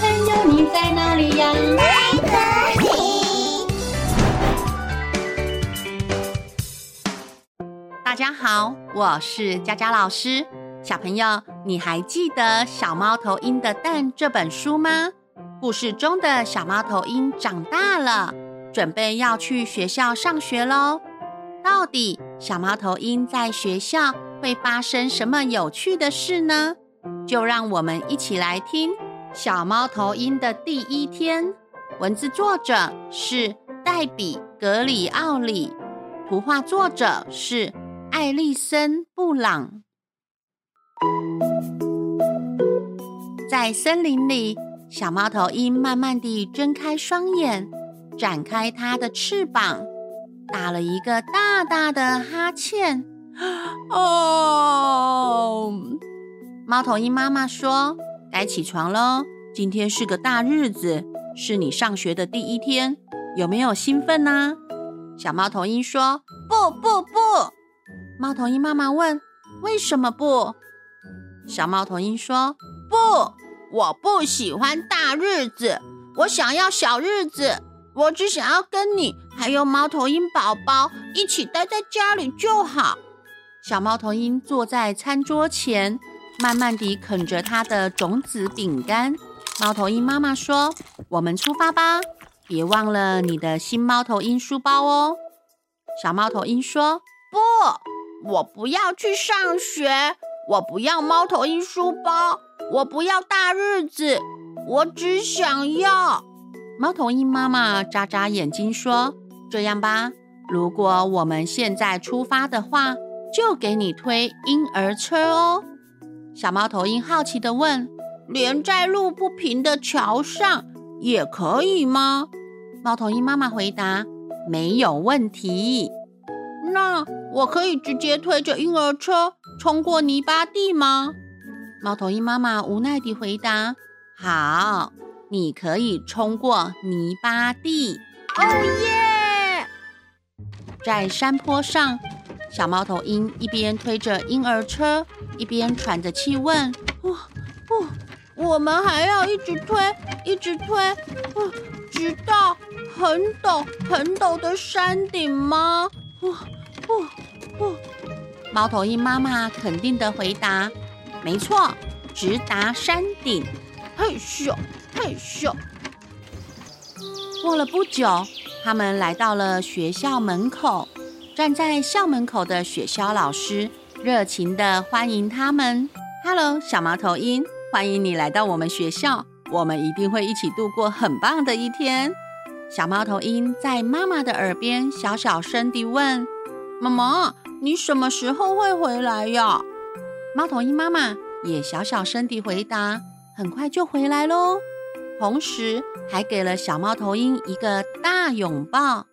朋友，你在哪裡呀、啊？大家好，我是佳佳老師。小朋友，你還記得《小貓頭鷹的蛋》這本書嗎？故事中的小貓頭鷹長大了，準備要去學校上學嘍。到底小貓頭鷹在學校會發生什麼有趣的事呢？就讓我們一起來聽。小貓頭鷹的第一天，文字作者是黛比·格里奧里，圖畫作者是艾莉森·布朗。在森林裡，小貓頭鷹慢慢地睜開雙眼，展開它的翅膀，打了一個大大的哈欠。哦，貓頭鷹媽媽說。該起床嘍！今天是個大日子，是你上學的第一天，有沒有興奮呢、啊？小貓頭鷹說：“不不不！”不不，貓頭鷹媽媽問：“為什麼不？”小貓頭鷹說：“不，我不喜歡大日子，我想要小日子，我只想要跟你還有貓頭鷹寶寶一起待在家裡就好。”小貓頭鷹坐在餐桌前。慢慢地啃着它的種子餅乾，貓頭鷹媽媽說：“我們出發吧，別忘了你的新貓頭鷹書包哦。”小貓頭鷹說：“不，我不要去上學，我不要貓頭鷹書包，我不要大日子，我只想要……”貓頭鷹媽媽眨眨眼睛說：“這樣吧，如果我們現在出發的話，就給你推嬰兒車哦。”小貓頭鷹好奇地問：“連在路不平的橋上也可以嗎？”貓頭鷹媽媽回答：“沒有問題。”那我可以直接推着嬰兒車衝過泥巴地嗎？貓頭鷹媽媽無奈地回答：“好，你可以衝過泥巴地。”哦耶！在山坡上。小貓頭鷹一邊推着嬰兒車，一邊喘着氣問：“不不、哦哦，我們還要一直推，一直推，哦、直到很陡很陡的山頂嗎？”“不不不！”哦哦、貓頭鷹媽媽肯定的回答：“沒錯，直達山頂。”“嘿咻嘿咻。嘿咻。過了不久，他們來到了學校門口。站在校門口的學校老師熱情地歡迎他們。Hello，小貓頭鷹，歡迎你來到我們學校，我們一定會一起度過很棒的一天。小貓頭鷹在媽媽的耳邊小小聲地問：“媽媽，你什麼時候會回來呀？”貓頭鷹媽媽也小小聲地回答：“很快就回來嘍。”同時，還給了小貓頭鷹一個大擁抱。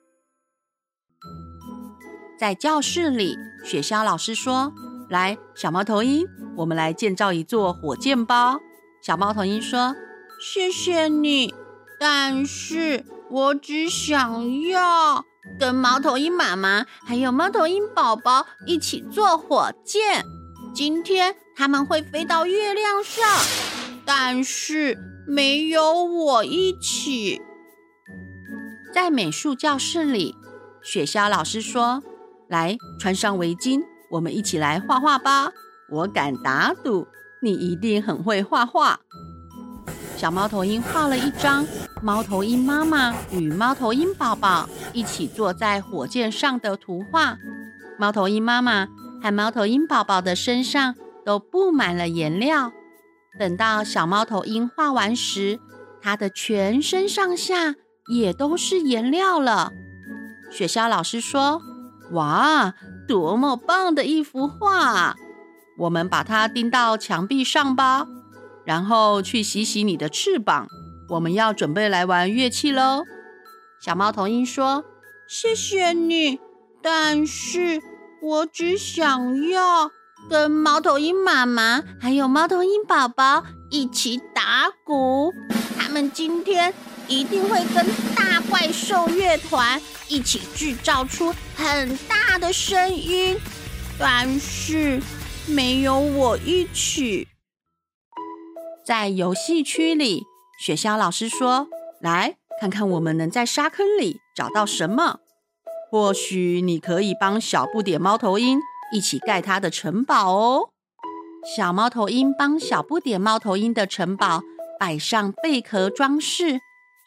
在教室裡，雪鴞老師說：“來，小貓頭鷹，我們來建造一座火箭吧。”小貓頭鷹說：“謝謝你，但是我只想要跟貓頭鷹媽媽還有貓頭鷹寶寶一起坐火箭。今天他們會飛到月亮上，但是沒有我一起。”在美術教室裡，雪鴞老師說。來，穿上圍巾，我們一起來畫畫吧！我敢打賭，你一定很會畫畫。小貓頭鷹畫了一張貓頭鷹媽媽與貓頭鷹寶寶一起坐在火箭上的圖畫。貓頭鷹媽媽和貓頭鷹寶寶的身上都布滿了顏料。等到小貓頭鷹畫完時，它的全身上下也都是顏料了。雪鴞老師說。哇，多麼棒的一幅畫！我們把它釘到牆壁上吧，然後去洗洗你的翅膀。我們要準備來玩樂器嘍。小貓頭鷹說：“謝謝你，但是我只想要跟貓頭鷹媽媽還有貓頭鷹寶寶一起打鼓。他們今天。”一定會跟大怪獸樂團一起制造出很大的聲音，但是沒有我一起。在遊戲區裡，雪鴞老師說：“來看看我們能在沙坑裡找到什麼？或許你可以幫小不點貓頭鷹一起蓋他的城堡哦。”小貓頭鷹幫小不點貓頭鷹的城堡擺上貝殼裝飾。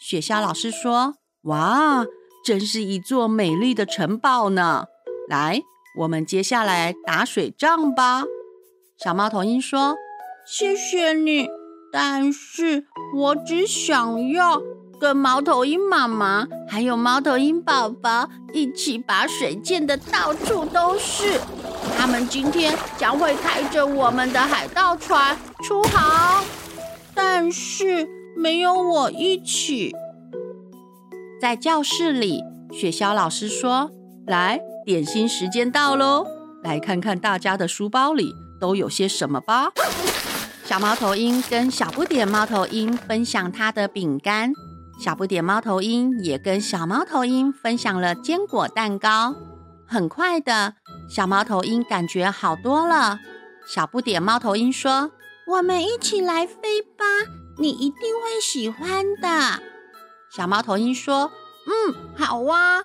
雪鴞老師說：“哇，真是一座美麗的城堡呢！來，我們接下來打水仗吧。”小貓頭鷹說：“謝謝你，但是我只想要跟貓頭鷹媽媽還有貓頭鷹寶寶一起把水濺得到處都是。他們今天將會開着我們的海盜船出航，但是……”沒有我一起。在教室裡，雪鴞老師說：“來，點心時間到嘍！來看看大家的書包裡都有些什麼吧。”小貓頭鷹跟小不點貓頭鷹分享它的餅乾，小不點貓頭鷹也跟小貓頭鷹分享了堅果蛋糕。很快的，小貓頭鷹感覺好多了。小不點貓頭鷹說：“我們一起來飛吧！”你一定會喜歡的。小貓頭鷹說：“嗯，好啊。”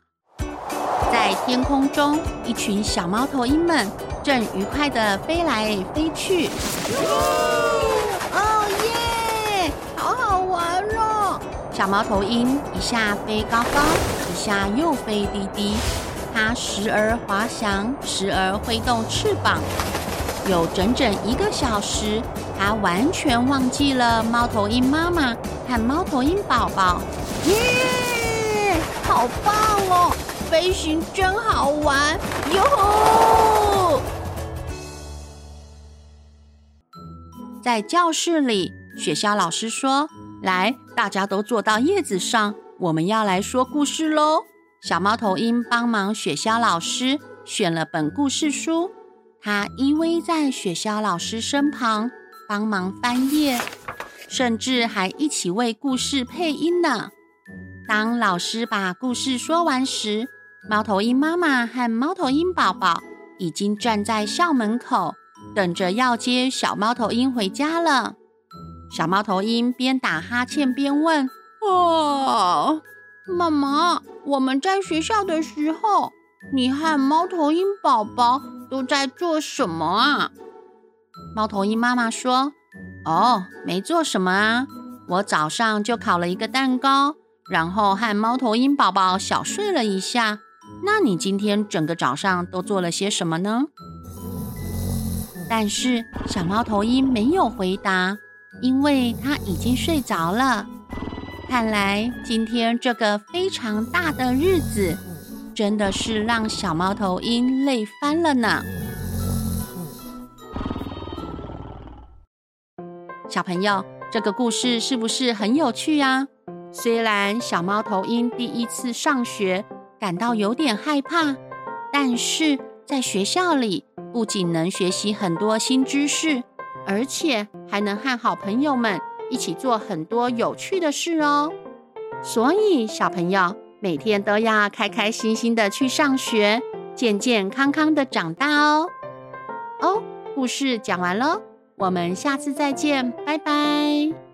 在天空中，一群小貓頭鷹們正愉快地飛來飛去。哦耶，好好玩哦！小貓頭鷹一下飛高高，一下又飛低低，它時而滑翔，時而揮動翅膀。有整整一個小時，他完全忘記了貓頭鷹媽媽和貓頭鷹寶寶。耶，yeah! 好棒哦！飛行真好玩。喲吼！在教室裡，雪鴞老師說：“來，大家都坐到葉子上，我們要來說故事嘍。”小貓頭鷹幫忙雪鴞老師選了本故事書。他依偎在學校老師身旁，幫忙翻頁，甚至還一起為故事配音呢。當老師把故事說完時，貓頭鷹媽媽和貓頭鷹寶寶已經站在校門口，等着要接小貓頭鷹回家了。小貓頭鷹邊打哈欠邊問：“哦，媽媽，我們在學校的時候，你和貓頭鷹寶寶，”都在做什麼啊？貓頭鷹媽媽說：“哦，沒做什麼啊，我早上就烤了一個蛋糕，然後和貓頭鷹寶寶小睡了一下。那你今天整個早上都做了些什麼呢？”但是小貓頭鷹沒有回答，因為它已經睡着了。看來今天這個非常大的日子。真的是讓小貓頭鷹累翻了呢。小朋友，這個故事是不是很有趣啊？雖然小貓頭鷹第一次上學感到有點害怕，但是在學校裡不僅能學習很多新知識，而且還能和好朋友們一起做很多有趣的事哦。所以，小朋友，每天都要開開心心的去上學，健健康康的長大哦。哦，故事講完嘍，我們下次再見，拜拜。